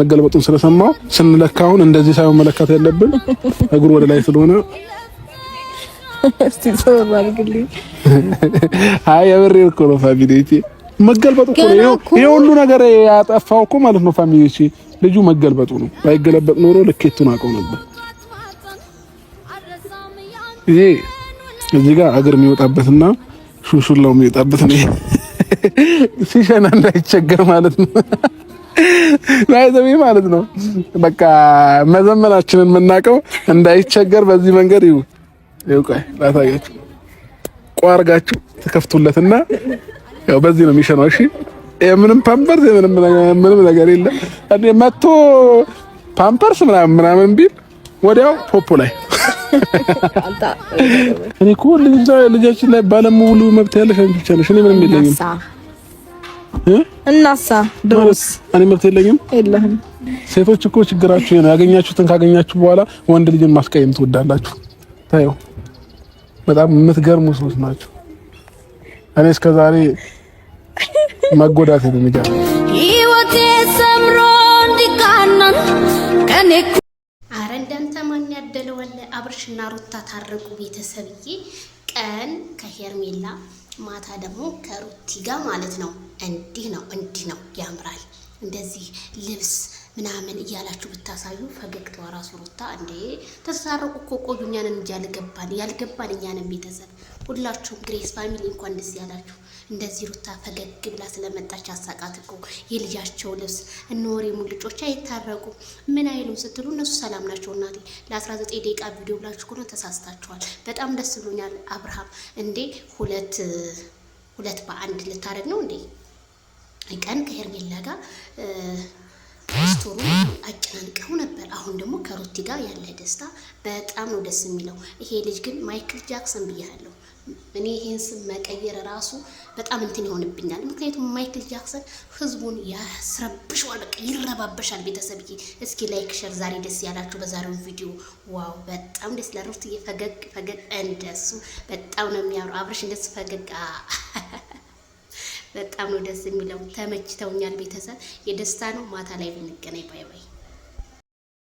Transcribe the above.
መገልበጡን ስለሰማው ስንለካ አሁን እንደዚህ ሳይሆን መለካት ያለብን እግሩ ወደ ላይ ስለሆነ እስቲ ጾም አይ የብሬ እኮ ነው ፋሚሊዎቼ፣ መገልበጡ እኮ ነው ይሄ ሁሉ ነገር ያጠፋው እኮ ማለት ነው ፋሚሊዎቼ። ልጁ መገልበጡ ነው። ባይገለበጥ ኖሮ ልኬቱን አውቀው ነበር። ይሄ እዚህ ጋር እግር የሚወጣበትና ሹሹላው የሚወጣበት ነው። ሲሸና እንዳይቸገር ማለት ነው። ላይዘሚ ማለት ነው። በቃ መዘመናችንን የምናውቀው እንዳይቸገር በዚህ መንገድ ይው ይውቀይ ላታያችሁ ቋርጋችሁ ተከፍቶለትና ያው በዚህ ነው የሚሸነው። እሺ የምንም ፓምፐርስ ምንም ምንም ነገር የለም። አንዴ መቶ ፓምፐርስ ምናምን ምናምን ቢል ወዲያው ፖፖ ላይ እኔ እኮ ልጃችን ላይ ባለሙሉ መብት ያለሽ አንቺ ብቻ ነሽ። እኔ ምንም የለኝም። እናሳ ድሮስ እኔ መብት የለኝም የለህም። ሴቶች እኮ ችግራችሁ ነው። ያገኛችሁትን ካገኛችሁ በኋላ ወንድ ልጅን ማስቀየም ትወዳላችሁ። ታዩ፣ በጣም የምትገርሙ ሰዎች ናቸው። እኔ እስከ ዛሬ መጎዳት የሚገርም ህይወቴ ሰምሮ እንዲቃና ቀኔ አረ እንዳንተ ማን ያደለው አብርሽና ሩታ ታረቁ ቤተሰብዬ ቀን ከሄርሜላ ማታ ደግሞ ከሩቲ ጋር ማለት ነው። እንዲህ ነው እንዲህ ነው ያምራል። እንደዚህ ልብስ ምናምን እያላችሁ ብታሳዩ ፈገግታዋ ራሱ ሩታ እንዴ ተሳረቁ እኮ ቆዩ። እኛን እንጂ ያልገባን ያልገባን ቤተሰብ ሁላችሁም ግሬስ ፋሚሊ እንኳን ደስ ያላችሁ። እንደዚህ ሩታ ፈገግ ብላ ስለመጣች አሳቃት እኮ የልጃቸው ልብስ እነወሬ ሙልጮች አይታረቁ ምን አይሉም ስትሉ እነሱ ሰላም ናቸው። እናቴ ለ19 ደቂቃ ቪዲዮ ብላችሁ ከሆነ ተሳስታችኋል። በጣም ደስ ብሎኛል። አብርሃም እንዴ ሁለት ሁለት በአንድ ልታደርግ ነው እንዴ? ቀን ከሄርሜላ ጋር ስቶሩ አጨናንቀው ነበር። አሁን ደግሞ ከሩቲ ጋር ያለ ደስታ በጣም ነው ደስ የሚለው። ይሄ ልጅ ግን ማይክል ጃክሰን ብያለሁ። እኔ ይሄን ስም መቀየር ራሱ በጣም እንትን ይሆንብኛል። ምክንያቱም ማይክል ጃክሰን ህዝቡን ያስረብሸዋል፣ በቃ ይረባበሻል። ቤተሰብ እስኪ ላይክ፣ ሸር። ዛሬ ደስ ያላችሁ በዛሬው ቪዲዮ። ዋው በጣም ደስ ለሩት ፈገግ ፈገግ፣ እንደሱ በጣም ነው የሚያምሩ። አብረሽ እንደሱ ፈገግ በጣም ነው ደስ የሚለው። ተመችተውኛል ቤተሰብ። የደስታ ነው። ማታ ላይ ብንገናኝ። ባይ ባይ